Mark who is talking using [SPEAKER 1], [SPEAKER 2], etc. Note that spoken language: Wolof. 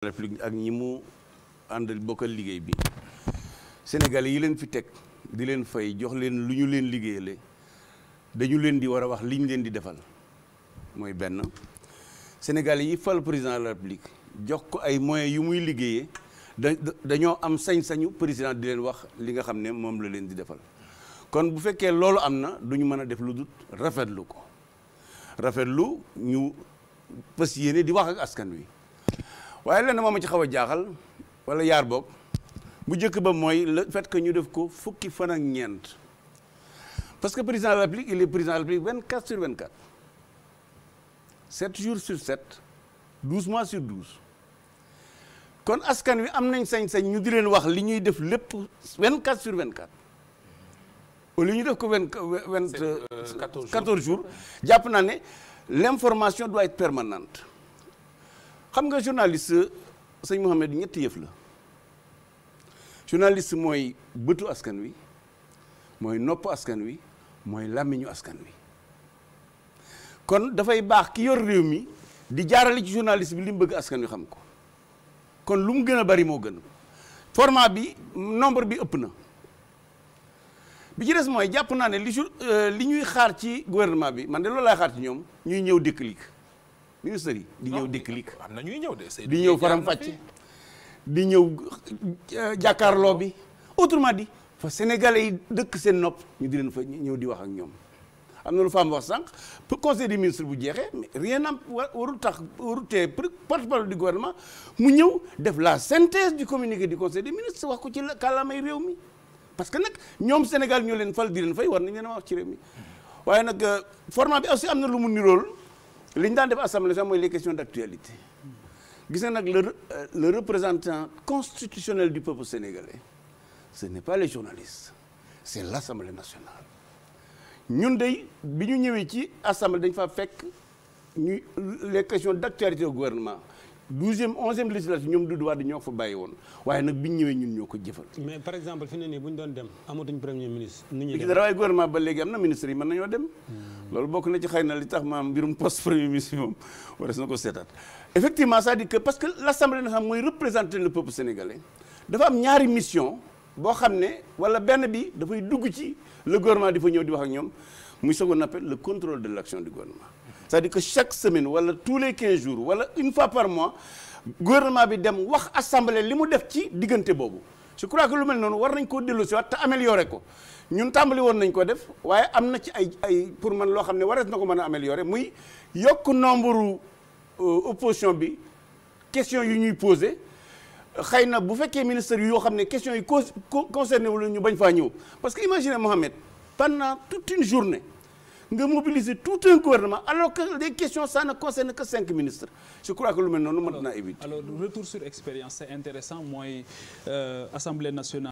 [SPEAKER 1] république ak ñi mu àndal bokkal liggéey bi sénégalais yi leen fi teg di leen fay jox leen lu ñu leen liggéeyale dañu leen di war a wax li leen di defal mooy benn sénégalais yi fal président la république jox ko ay moyens yu muy liggéeyee da dañoo am sañ-sañu président di leen wax li nga xam ne moom la leen di defal kon bu fekkee loolu am na du ñu mën a def lu dul rafetlu ko rafetlu ñu fas yéene di wax ak askan wi waaye lenn moom ma ci xaw a jaaxal wala yaar boog bu njëkk ba mooy le fait que ñu def ko fukki fan ak ñeent parce que président de la République il est président de la République 24 sur 24 7 jours sur 7 12 mois sur 12 kon askan wi am nañ sañ-sañ ñu di leen wax li ñuy def lépp 24 sur 24 au li ñu def ko 24 14 euh, jours jàpp naa ne l' information doit être xam nga journaliste sëñ Mouhamed ñetti yëf la journaliste mooy bëtu askan wi mooy nopp askan wi mooy làmmiñu askan wi kon dafay baax ki yor réew mi di jaarale ci journaliste bi li mu bëgg askan wi xam ko kon lu mu gën a bari moo gën format bi nombre bi ëpp na bi ci des mooy jàpp naa ne li euh, li ñuy xaar ci gouvernement bi man de loolu laay xaar ci ñoom ñuy ñëw déclic ministre yi di ñëw am na ñuy ñëw de di ñëw faram fàcce di ñëw jàkkaarloo bi autrement dit fa sénégalais yi dëkk seen nopp ñu di leen fa ñu ñëw di wax ak ñoom am na lu faam wax sànq conseil des ministres bu jeexee rien am warul tax warul tee porte-parole du gouvernement mu ñëw def la synthèse du communiqué du conseil des ministres wax ko ci kàllaamay réew mi parce que nag ñoom Sénégal ñoo leen fal di leen fay war nañ leen wax ci réew mi mm-hmm. waaye nag euh, format bi aussi am na lu mu nirool li ñu daan def assemblée sax mooy le questions d'actualité gise nga nag le euh, le représentant constitutionnel du peuple sénégalais ce n'est pas les journalistes c'est l'Assemblée nationale ñun de bi ñu ñëwee ci assemblée dañ fa fekk ñu les questions d'actualité au gouvernement douzième onzième législature ñoom waa Wade ñoo ko fa bàyyi woon waaye nag biñ ñëwee ñun ñoo ko jëfal. mais par exemple fi ne nii bu ñu doon dem amatuñ premier ministre. nit ñi dem waaye gouvernement ba léegi am na ministre yi mën nañoo dem. loolu bokk na ci xëy na li tax maam mbirum poste premier ministre moom war na ko seetaat effectivement ça dit que parce que l' assemblée nationale mooy représenter le peuple sénégalais dafa am ñaari mission boo xam ne wala benn bi dafay dugg ci le gouvernement di fa ñëw di wax ak ñoom muy second appel le contrôle de l' action c'est-à-dire que chaque semaine wala tous les quinze jours wala une fois par mois gouvernement bi dem wax assemblée li mu def ci diggante boobu je crois que lu mel noonu war nañ koo dellu si waat te améliorer ko ñun tàmbali woon nañ koo def waaye am na ci ay ay pour man loo xam ne warees na ko mën a améliorer muy yokk nombre euh, opposition bi question yu ñuy posé xëy na bu fekkee ministre yoo xam ne question yi concerné wu ñu bañ faa ñëw parce que imaginez Mohamed pendant toute une journée nga mobiliser tout un gouvernement alors que les questions ça ne concerne que cinq ministres je crois que lu mel noonu mën naa éviter retour sur expérience c'est intéressant mooy euh, assemblée nationale